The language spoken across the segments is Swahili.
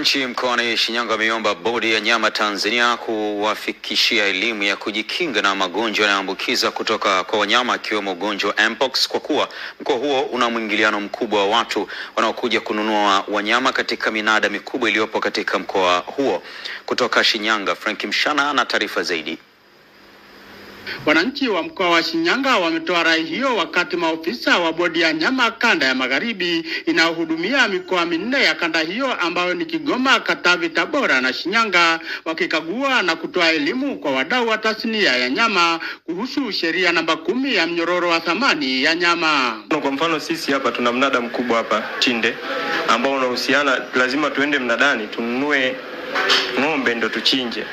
Wananchi mkoani Shinyanga wameomba Bodi ya Nyama Tanzania kuwafikishia elimu ya kujikinga na magonjwa yanayoambukiza kutoka kwa wanyama akiwemo ugonjwa wa Mpox kwa kuwa mkoa huo una mwingiliano mkubwa wa watu wanaokuja kununua wanyama katika minada mikubwa iliyopo katika mkoa huo. Kutoka Shinyanga, Frank Mshana ana taarifa zaidi. Wananchi wa mkoa wa Shinyanga wametoa rai hiyo wakati maofisa wa bodi ya nyama kanda ya magharibi inayohudumia mikoa minne ya kanda hiyo ambayo ni Kigoma, Katavi, Tabora na Shinyanga wakikagua na kutoa elimu kwa wadau wa tasnia ya nyama kuhusu sheria namba kumi ya mnyororo wa thamani ya nyama. Kwa mfano sisi hapa tuna mnada mkubwa hapa tinde ambao unahusiana, lazima tuende mnadani tununue ng'ombe ndo tuchinje.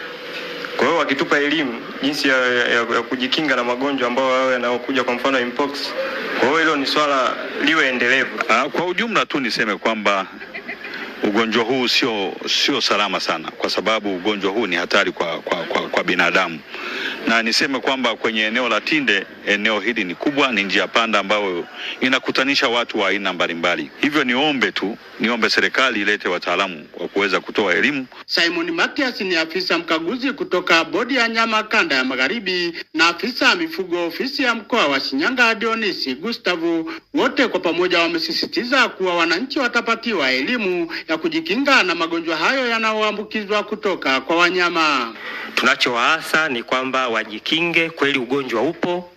Kwa hiyo wakitupa elimu jinsi ya, ya, ya, ya kujikinga na magonjwa ambayo wao yanayokuja kwa mfano mpox. Kwa hiyo hilo ni swala liwe endelevu. Ah, kwa ujumla tu niseme kwamba ugonjwa huu sio sio salama sana, kwa sababu ugonjwa huu ni hatari kwa, kwa, kwa, kwa binadamu na niseme kwamba kwenye eneo la Tinde, eneo hili ni kubwa, ni njia panda ambayo inakutanisha watu wa aina mbalimbali. Hivyo niombe tu, niombe serikali ilete wataalamu wa kuweza kutoa elimu. Simon Matias ni afisa mkaguzi kutoka bodi ya nyama kanda ya Magharibi na afisa mifugo ofisi ya mkoa wa Shinyanga Dionisi Gustavu, wote kwa pamoja wamesisitiza kuwa wananchi watapatiwa elimu ya kujikinga na magonjwa hayo yanayoambukizwa kutoka kwa wanyama. Tunachowaasa ni kwamba wajikinge, kweli ugonjwa upo.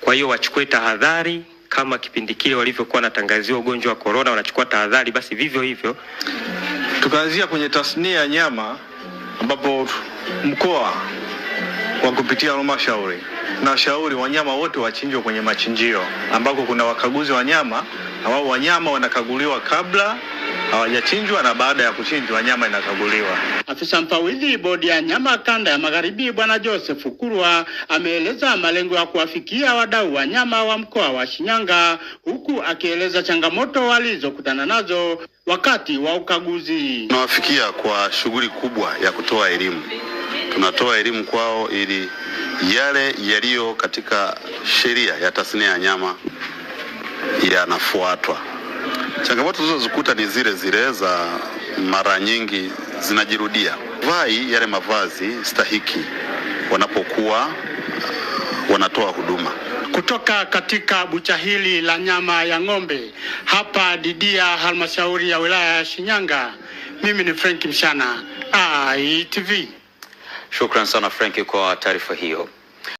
Kwa hiyo wachukue tahadhari kama kipindi kile walivyokuwa wanatangaziwa ugonjwa wa korona, wanachukua tahadhari, basi vivyo hivyo. Tukaanzia kwenye tasnia ya nyama, ambapo mkoa kwa kupitia halmashauri na shauri wanyama wote wachinjwe kwenye machinjio ambako kuna wakaguzi wa nyama, ambao wanyama wanakaguliwa kabla hawajachinjwa na baada ya kuchinjwa nyama inakaguliwa. Afisa mfawidhi bodi ya nyama kanda ya magharibi Bwana Joseph Kurwa ameeleza malengo ya kuwafikia wadau wa nyama wa mkoa wa Shinyanga, huku akieleza changamoto walizokutana nazo wakati wa ukaguzi. Tunawafikia kwa shughuli kubwa ya kutoa elimu, tunatoa elimu kwao ili yale yaliyo katika sheria ya tasnia ya nyama yanafuatwa. Changamoto zilizozikuta ni zile zile za mara nyingi zinajirudia, vai yale mavazi stahiki wanapokuwa uh, wanatoa huduma. Kutoka katika bucha hili la nyama ya ng'ombe hapa Didia, halmashauri ya wilaya ya Shinyanga, mimi ni Frank Mshana, ITV. Shukran sana Frank kwa taarifa hiyo.